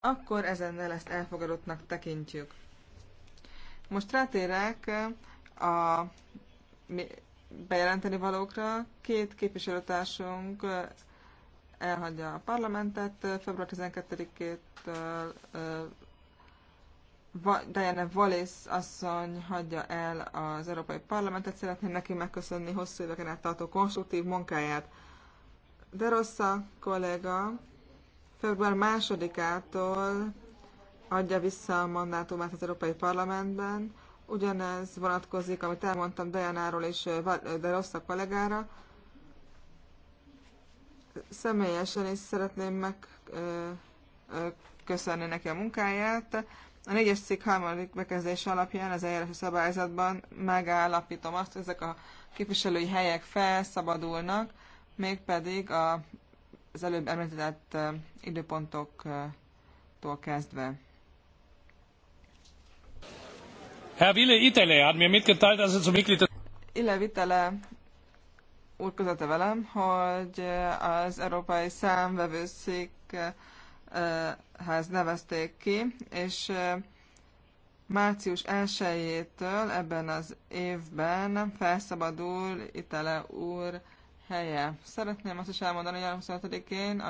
akkor ezennel ezt elfogadottnak tekintjük. Most rátérek eh, a bejelenteni valókra. Két képviselőtársunk eh, elhagyja a parlamentet eh, február 12-től Diana Wallis asszony hagyja el az Európai Parlamentet. Szeretném neki megköszönni hosszú éveken át tartó konstruktív munkáját. De a kolléga február másodikától adja vissza a mandátumát az Európai Parlamentben. Ugyanez vonatkozik, amit elmondtam Dejanáról és de rossz a kollégára. Személyesen is szeretném megköszönni neki a munkáját. A négyes cikk harmadik bekezdése alapján az eljárási szabályzatban megállapítom azt, hogy ezek a képviselői helyek felszabadulnak, mégpedig a az előbb említett időpontoktól kezdve. Herr Wille Itele hat mir mitgeteilt, dass er zum Mitglied des... Ille Vitele úr közölte velem, hogy az Európai Számvevőszékhez nevezték ki, és március 1-től ebben az évben felszabadul Itele úr helye. Szeretném azt is elmondani, hogy a 25-én